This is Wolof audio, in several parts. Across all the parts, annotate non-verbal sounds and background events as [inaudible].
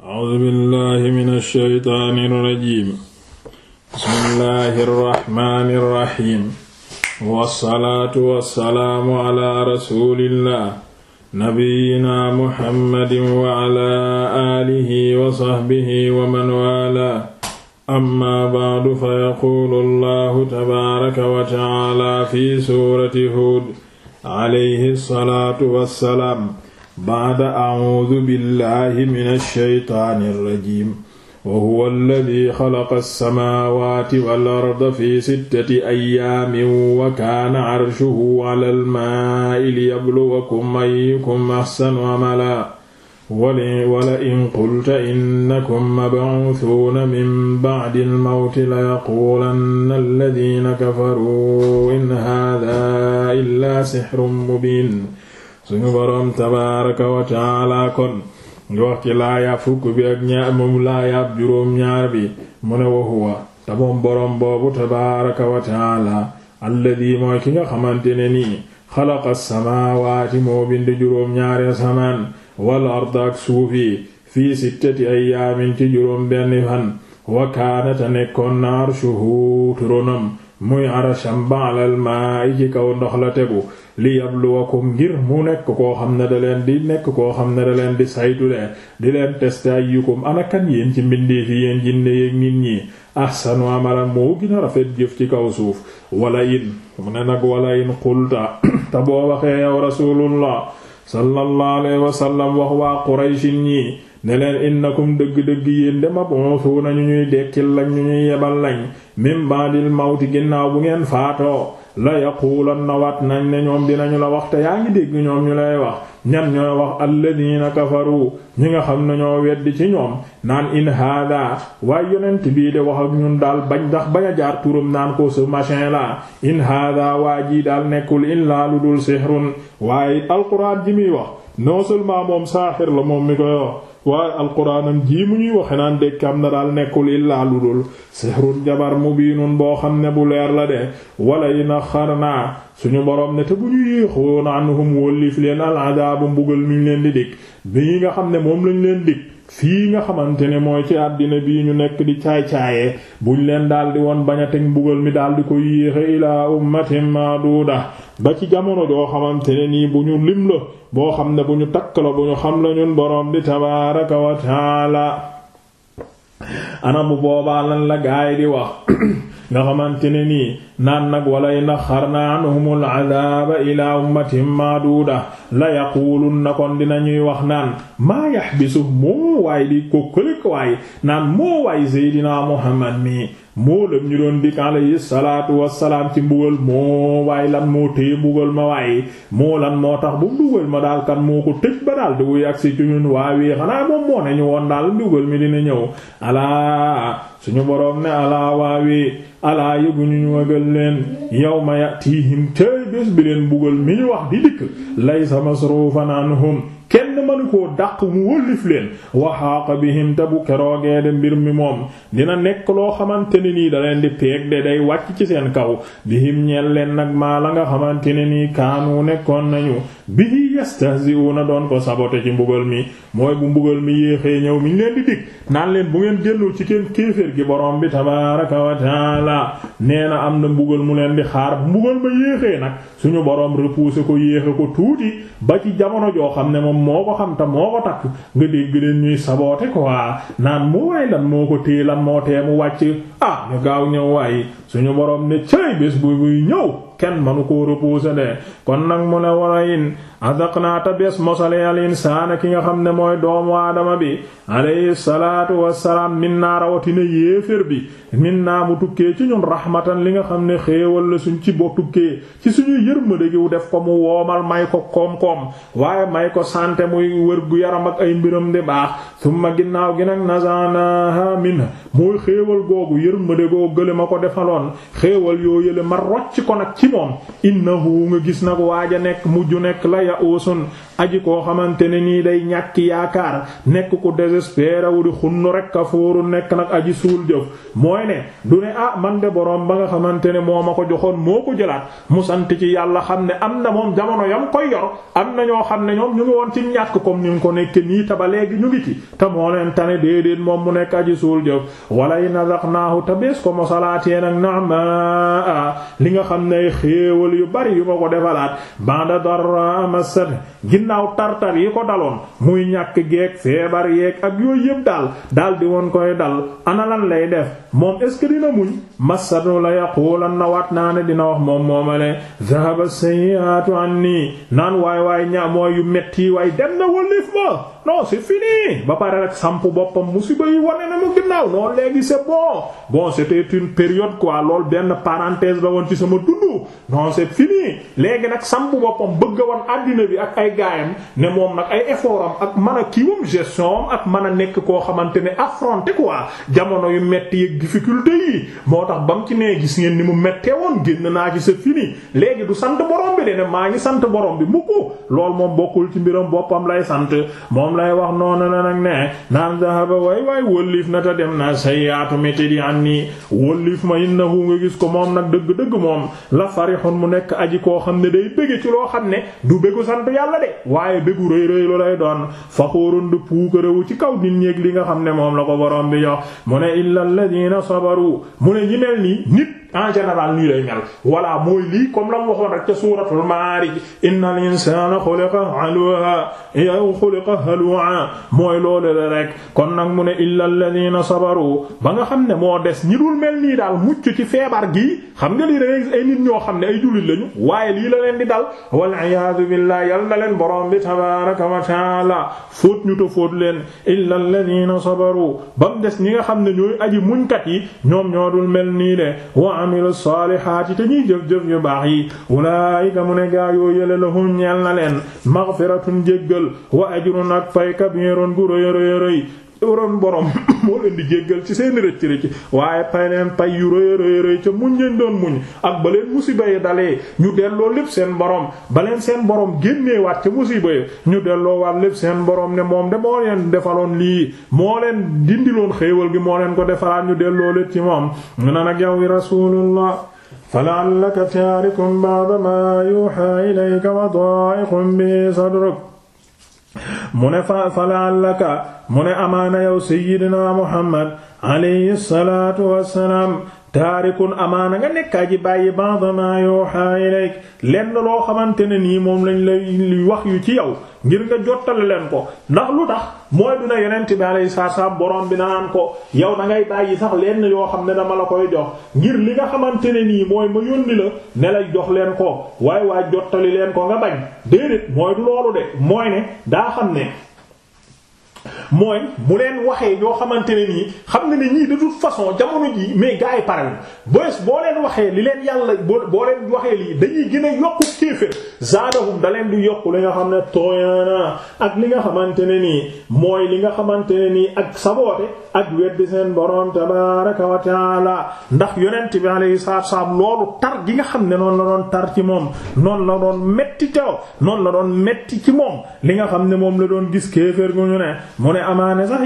A'uuzu billaahi mina shaytaani rajiim. Bismillaahi rahmaani rahiim. Wassalaatu wassalaamu alaa rasuulillaah nabiyyinaa Muhammadin wa alaa aalihi wa sahbihi wa man waalaa. Ammaa ba'du fa yaquulu Allaahu tabaaraka wa ta'aalaa fi suurati Huud alayhi salaatu wassalaam. ba'da a'uudu billahi mina shaytaani rajiim wa huwa alladii xalaqa samaawaati wal arda fi sittati ayyaamin wa kaana arshuhu alal maa'i liyabluwakum ayyukum ahsanu amalaa wala in qulta innakum mab'uuthuuna min ba'di al-mawti layaquulanna alladiina kafaruu in haadhaa illaa sihrun mubiin suñu boroom tabaaraka wa taala kon ngi wax ci laaya fukk bi ak ñaar moom laayaab juróom ñaar bi mu ne wa huwa te moom boobu tabaaraka wa taala alladi mooy ki nga xamante ne nii xalaqa samaawaati moo bind juróom ñaari asamaan wal arda ak suuf yi fii sittati ayyaamin ci juróom benn fan wa kaanata nekkoon na arshuhu turonam muy arasham ba'lal maa'i ci kaw ndox la tegu li yabluwakum ngir mu nekk koo xam ne daleen leen di nekk koo xam ne da leen di saytu di leen tester ayyukum anakan yéen ci mbindeef yi yéen jinne yeeg nit ñi ahsanu amalan moo gën a rafet jëf ci kaw suuf wala in mu ne nag wala in qulta [coughs] te boo waxee yow rasulullah sallallahu alayhi wa sallam wax waa qurayshin ñi ne leen innakum dëgg-dëgg yéen de mab'uthuna ñu ñuy dekkil lañ ñu ñuy yebal lañ min ba'dil mawti ginnaaw bu ngeen faatoo la yaquulan na waat nañ ne ñoom dinañu la wax te yaa ngi dégg ñoom ñu lay wax ñan ñoo wax alladina kafaru ñi nga xam ne ñoo weddi ci ñoom naan in hada waaye yonent bii de wax ak ñun daal bañ ndax ba a jaar turam naan ko su machin la in hada waa jii daal nekkul laa lu dul sihrun waaye alquran ji muy wax non seulement moom saaxir la moom mi ko wax waa alquraanam jii mu ñuy waxe naan dëkk am na daal nekkul illaa lu dul sihrun jabar mu mubiinun boo xam ne bu leer la de wala yi na xar naa suñu boroom ne te bu ñu yéexoon anhum wóllif leen al adaabu mbugal mi ñu leen di dikk bi nga xam ne moom lañu leen dikk fii nga xamante ne mooy ci àddina bii ñu nekk di caay-caayee buñ leen daldi woon bañ a teg mbugal mi daldi ko yéexe ilaa ummatin maaduuda ba ci jamono joo xamante ne nii bu ñu lim la boo xam ne bu ñu takk la bu ñu xam la ñun boroom bi tabaaraka wa anamu boobaa lan la gaay di wax [clears throat] nga xamante ne nii naan nag walay naxarna anhumul adaaba ila ummatin maaduuda la yaquulun na kon dina ñuy wax naan maa yaxbisu moo waay di kokkalik waay naan moo waay seydinaa muhammad mi moo lëm ñu doon dikk alayhi salaatu wassalaam ci mbugal moo waay lan moo téye mbugal ma waay moo lan moo tax bu mbugal ma daal kan moo ko tëj ba daal di wuy agsi ci ñun waawee xanaa moom moo ne woon daal mbugal mi dina ñëw suñu boroom ne alaa waawee alaa yëguñu ñu wagal leen yawma yatihim tey bés bi leen bugal mi ñu wax di dikk laysa masrufan anhum kenn mënu koo dàq mu wëllif leen waxaaqa bihim te bu keroogee de mbir mi moom dina nekk loo xamante ne nii da leen di peeg de day wàcc ci seen kaw bihim ñeel leen nag maa la nga xamante ne nii kaanu nekkoon nañu bihi yastahzi'una doon ko sabote ci mbugal mi mooy bu mbugal mi yéexee ñëw mi ñu leen di dig naan leen bu ngeen génnul ci kenn kéeféer gi borom bi tabaaraka wa taala nee na am na mbugal mu leen di xaar bu mbugal ma yéexee nag suñu borom repoussé ko yéexe ko tuuti ba ci jamono joo xam ne moom moo ko xam te moo ko takk nga dégg leen ñuy sabote quoi naan mu waay lan moo ko téye lan moo tee mu wàcc ah ñu gaaw ñëw waay suñu borom ne cëy bés bu muy ñëw kenn mënu koo reposer de kon nag mu ne wala in naa ta bés mosale al insaana ki nga xam ne mooy doomu aadama bi alayhi salaatu wassalaam min naa rawatina yéefér bi min naa mu tukkee ci ñun rahmatan li nga xam ne xéewal la suñ ci bo tukkee ci suñu yërmande gi def ko mu woomal may ko koom-koom waaye may ko santé muy wër gu yaram ak ay mbiram di baax summa ginnaaw gi nag nazanaha min mooy xéewal googu ma ko defaloon anhu xéewal yoo yële ma rocc ko nag ci moom innahu nga gis nag waaja nekk mujj nekk la ya'usun aji koo xamante ne nii day ñàkk yaakaar nekk ku désespéré wu di xunnu rek kafuuru nekk nag aji suul jëf mooy ne du ne ah man de borom ba nga xamante ne moo ma ko joxoon moo ko jëlaat mu sant ci yàlla xam ne am na moom jamono yam koy yor am na ñoo xam ne ñoom ñu ngi woon ci ñàkk comme ni nga ko nekke nii te ba léegi ñu ngi ci te moo leen tane déedéet moom mu nekk aji suul jëf wala yi nazaqnaahu te bees ko mosalaatee nag naama li nga xam ne xéewal yu bari yu ma ko ginnaaw tartar yi ko daloon muy ñàkk geek feebar yeeg ak yooyu yëpp daal daal di woon koy dal ana lan lay def moom est ce dina muñ masadu la yaqulan na waat naa ne dina wax moom moomale dhahaba sayyi'atu anni naan waay waay ña mooy yu metti waay dem na wëlif ma non c'est fini ba pare nag samp boppam musiba yi wane na mu ginnaaw non léegi c'est bon bon c'était une période quoi lool benn parenthèse la woon ci sama dund non c'est fini léegi nag samp boppam bëgg a wan àddina bi ak ay gaayam ne moom nag ay effort am ak mën a kiiwam gestion ak man a nekk koo xamante ne affronter quoi jamono yu metti yeeg difficulté yi moo tax ba mu ci ne gis ngeen ni mu mettee woon génn naa ci c'est fini léegi du sant borom bi de ne maa ngi sant borom bi mukk loolu moom bokkul ci mbiram boppam lay sant moom lay wax noonu na nag ne naan dahaba waay waay wóllif na ta dem na sayyaatu métti di an nii wóllif ma innahu nga gis ko moom nag dëgg-dëgg moom la farihun mu nekk aji koo xam ne day bëgg ci loo xam ne du bëggu sant yàlla de waaye bëggu rëy rëy lu lay doon faxóorun du puukaréwu ci kaw nit ñéeg li nga xam ne moom la ko borom bi jox mu ne illa alladina sabaru mu ne ñi mel nii nit en général nii lay mel voilà mooy lii comme la mu waxoon rek ca suuratul maarij innal insaana xuliqa halu'a malu'a mooy loolu rek kon nag mu ne illa alladhina sabaru ba nga xam ne moo des ñi dul mel nii daal mucc ci feebar gi xam nga lii rek ay nit ñoo xam ne ay jullit lañu waaye lii la leen di dal wal iyaadu billahi yal na leen borom bi tabaaraka wa taala fóot ñu te fóot leen illa alladhina sabaru ba des ñi nga xam ne ñooy aji muñkat yi ñoom ñoo dul mel nii de wa amilu saalihaati te ñuy jëf-jëf yu baax yi ulaayika mu ne gaa yoo yële lahum ñeel na leen maghfiratun jéggal pay kabiirun gu rëy rëy rëy ron borom [coughs] moo leen di jéggal ci seen rëcc rëcc waaye pay leen pay yu rëy rëy rëy ca muñ leen doon muñ ak ba leen musiba yi dalee ñu delloo lépp seen borom ba leen seen borom génneewaat ca musiba yi ñu delloo waat lépp seen borom ne moom de moo leen defaloon lii moo leen dindiloon xéewal gi moo leen ko defalaat ñu delloo lépp ci moom ñu ne nag yow rasulullah fala'allaka taarikum ba'da ma yuha ilayka wa da'iqun bi sadruk mu ne fa falaallaka mu ne amaana yow sayyidina Muhammad alayhi salaatu wassalaam taarikun amaana nga nekk yi bàyyi bandama yoha ilayk lenn loo xamante ne nii moom lañ lay wax yu ci yow ngir nga jottale leen ko ndax lu tax mooy duna yonent bi alayhi salaam borom bi naan ko yow da ngay bàyyi sax lenn yoo xam ne dama la koy jox ngir li nga xamante ne nii mooy ma yónni la ne lay jox leen ko waaye waa jottali leen ko nga bañ déedéet mooy du loolu de mooy ne daa xam ne mooy bu leen waxee ñoo xamante ne nii xam nga ne ñii de façon jamono jii mais gars yi pare bés boo leen waxee li leen yàlla boo leen waxee lii dañuy gën a yokk gis kéefér zaadahum da leen di yokk li nga xam ne tooyaana ak li nga xamante ne nii mooy li nga xamante ne nii ak saboote ak weddi seen borom tabaraka wa taala ndax yonent bi alayhi salaatu wassalaam loolu tar gi nga xam ne noonu la doon tar ci moom noonu doon metti tew noonu la doon metti ci moom li nga xam ne moom la doon gis kéefér ñu ne mu ne amaane sax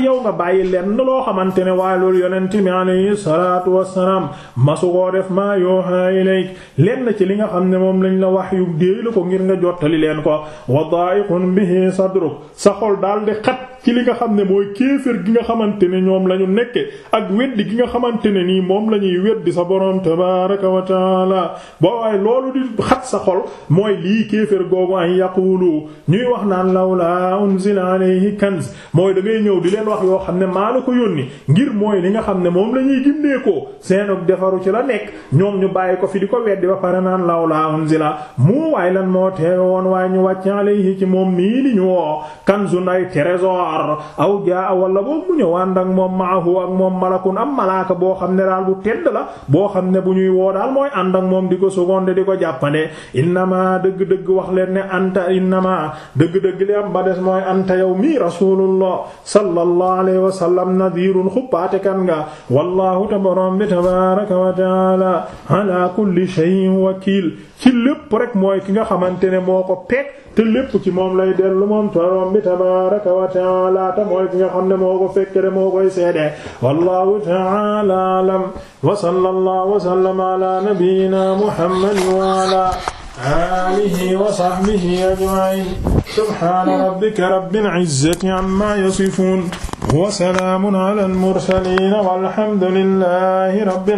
ne waaye loolu yonent bi alayhi salaatu wassalaam masu koo def maa yuuhaa ilayk lenn ci li nga xam ne moom lañ la wax yu déey la ko ngir nga jottali leen ko wa da'iqun bihi sadruk sa xol daal di xat ci li nga xam ne mooy kéefër gi nga xamante ne ñoom lañu ñu nekke ak weddi gi nga xamante ne nii moom la ñuy weddi sa boroom tabaraka wa taala boo waaye loolu di xat sa xol mooy lii kéefër googu ay yaqulu ñuy wax naan lawla unzila alayhi kanz mooy da ngay ñëw di leen wax yoo xam ne maa la ko yónni ngir mooy li nga xam ne moom la ñuy gindee ko defaru ci la nekk ñoom ñu mu waay lan moo teewe woon waaye ñu wàcc alayhi ci moom mii li ñu woo kanzun ay trésor aw jaa wala boobu mu ñëw ànd ak moom maahu ak moom malakun am malaaka boo xam ne daal bu tedd la boo xam ne bu ñuy woo daal mooy ànd ak moom di ko seconde di ko jàppande innama dëgg-dëgg wax leen ne anta innama dëgg-dëgg li ba des mooy anta yow mii rasulullah sallallahu alayhi wa sallam nadirun xuppaate kan wallahu tabaram tabaraka wa taala ala kulli shay'in mooy ki nga xamante ne moo ko peeg te lépp ci moom lay dellu moom tarom bi tabaraka wa taala te mooy ki nga xam ne moo ko fekkere moo koy seede wallahu taala alam wa sallallahu wa sallama ala nabiyyina muhammad wa ala alihi wa sahbihi ajma'in subhana rabbika rabbil izzati amma yasifun wa salamun ala al mursalin walhamdulillahi rabbil